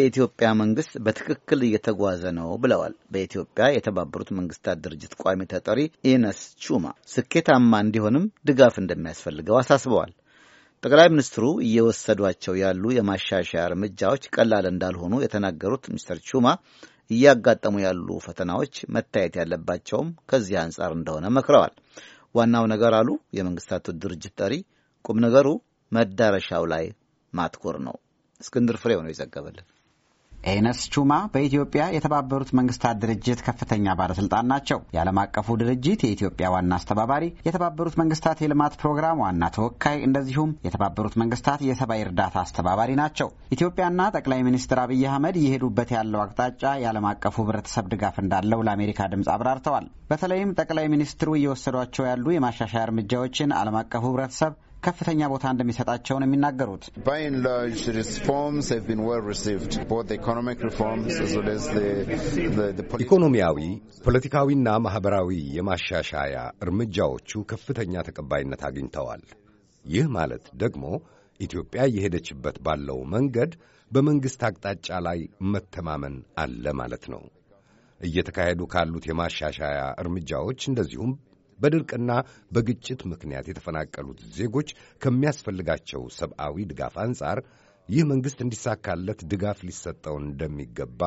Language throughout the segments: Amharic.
የኢትዮጵያ መንግስት በትክክል እየተጓዘ ነው ብለዋል። በኢትዮጵያ የተባበሩት መንግስታት ድርጅት ቋሚ ተጠሪ ኢነስ ቹማ ስኬታማ እንዲሆንም ድጋፍ እንደሚያስፈልገው አሳስበዋል። ጠቅላይ ሚኒስትሩ እየወሰዷቸው ያሉ የማሻሻያ እርምጃዎች ቀላል እንዳልሆኑ የተናገሩት ሚስተር ቹማ እያጋጠሙ ያሉ ፈተናዎች መታየት ያለባቸውም ከዚህ አንጻር እንደሆነ መክረዋል። ዋናው ነገር አሉ የመንግስታቱ ድርጅት ጠሪ፣ ቁም ነገሩ መዳረሻው ላይ ማትኮር ነው። እስክንድር ፍሬው ነው የዘገበልን። ኤነስ ቹማ በኢትዮጵያ የተባበሩት መንግስታት ድርጅት ከፍተኛ ባለስልጣን ናቸው። የዓለም አቀፉ ድርጅት የኢትዮጵያ ዋና አስተባባሪ፣ የተባበሩት መንግስታት የልማት ፕሮግራም ዋና ተወካይ፣ እንደዚሁም የተባበሩት መንግስታት የሰብአዊ እርዳታ አስተባባሪ ናቸው። ኢትዮጵያና ጠቅላይ ሚኒስትር አብይ አህመድ የሄዱበት ያለው አቅጣጫ የዓለም አቀፉ ህብረተሰብ ድጋፍ እንዳለው ለአሜሪካ ድምፅ አብራርተዋል። በተለይም ጠቅላይ ሚኒስትሩ እየወሰዷቸው ያሉ የማሻሻያ እርምጃዎችን ዓለም አቀፉ ህብረተሰብ ከፍተኛ ቦታ እንደሚሰጣቸውን የሚናገሩት ኢኮኖሚያዊ ፖለቲካዊና ማኅበራዊ የማሻሻያ እርምጃዎቹ ከፍተኛ ተቀባይነት አግኝተዋል። ይህ ማለት ደግሞ ኢትዮጵያ እየሄደችበት ባለው መንገድ በመንግሥት አቅጣጫ ላይ መተማመን አለ ማለት ነው። እየተካሄዱ ካሉት የማሻሻያ እርምጃዎች እንደዚሁም በድርቅና በግጭት ምክንያት የተፈናቀሉት ዜጎች ከሚያስፈልጋቸው ሰብአዊ ድጋፍ አንጻር ይህ መንግሥት እንዲሳካለት ድጋፍ ሊሰጠው እንደሚገባ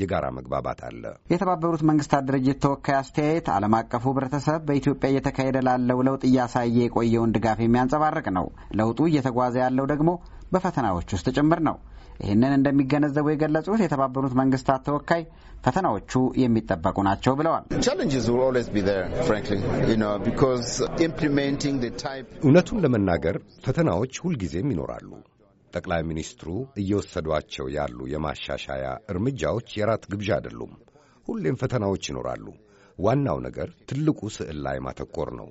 የጋራ መግባባት አለ። የተባበሩት መንግስታት ድርጅት ተወካይ አስተያየት ዓለም አቀፉ ህብረተሰብ በኢትዮጵያ እየተካሄደ ላለው ለውጥ እያሳየ የቆየውን ድጋፍ የሚያንጸባርቅ ነው። ለውጡ እየተጓዘ ያለው ደግሞ በፈተናዎች ውስጥ ጭምር ነው። ይህንን እንደሚገነዘቡ የገለጹት የተባበሩት መንግስታት ተወካይ ፈተናዎቹ የሚጠበቁ ናቸው ብለዋል። እውነቱን ለመናገር ፈተናዎች ሁልጊዜም ይኖራሉ። ጠቅላይ ሚኒስትሩ እየወሰዷቸው ያሉ የማሻሻያ እርምጃዎች የራት ግብዣ አይደሉም። ሁሌም ፈተናዎች ይኖራሉ። ዋናው ነገር ትልቁ ስዕል ላይ ማተኮር ነው።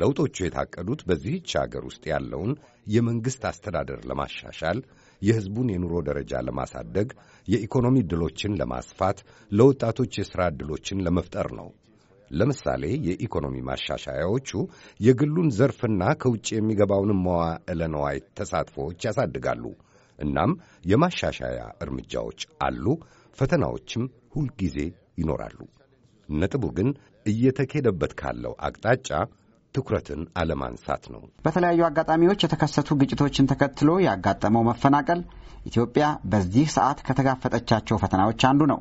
ለውጦቹ የታቀዱት በዚህች አገር ውስጥ ያለውን የመንግሥት አስተዳደር ለማሻሻል፣ የሕዝቡን የኑሮ ደረጃ ለማሳደግ፣ የኢኮኖሚ ድሎችን ለማስፋት፣ ለወጣቶች የሥራ ዕድሎችን ለመፍጠር ነው። ለምሳሌ የኢኮኖሚ ማሻሻያዎቹ የግሉን ዘርፍና ከውጭ የሚገባውንም መዋዕለ ነዋይ ተሳትፎዎች ያሳድጋሉ። እናም የማሻሻያ እርምጃዎች አሉ፣ ፈተናዎችም ሁልጊዜ ይኖራሉ። ነጥቡ ግን እየተኬደበት ካለው አቅጣጫ ትኩረትን አለማንሳት ነው። በተለያዩ አጋጣሚዎች የተከሰቱ ግጭቶችን ተከትሎ ያጋጠመው መፈናቀል ኢትዮጵያ በዚህ ሰዓት ከተጋፈጠቻቸው ፈተናዎች አንዱ ነው።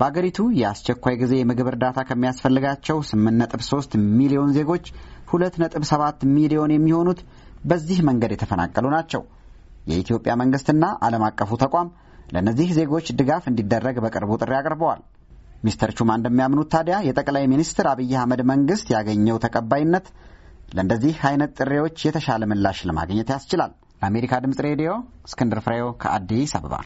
በአገሪቱ የአስቸኳይ ጊዜ የምግብ እርዳታ ከሚያስፈልጋቸው 8.3 ሚሊዮን ዜጎች 2.7 ሚሊዮን የሚሆኑት በዚህ መንገድ የተፈናቀሉ ናቸው። የኢትዮጵያ መንግስትና ዓለም አቀፉ ተቋም ለእነዚህ ዜጎች ድጋፍ እንዲደረግ በቅርቡ ጥሪ አቅርበዋል። ሚስተር ቹማ እንደሚያምኑት ታዲያ የጠቅላይ ሚኒስትር አብይ አህመድ መንግስት ያገኘው ተቀባይነት ለእንደዚህ አይነት ጥሪዎች የተሻለ ምላሽ ለማግኘት ያስችላል። ለአሜሪካ ድምፅ ሬዲዮ እስክንድር ፍሬው ከአዲስ አበባ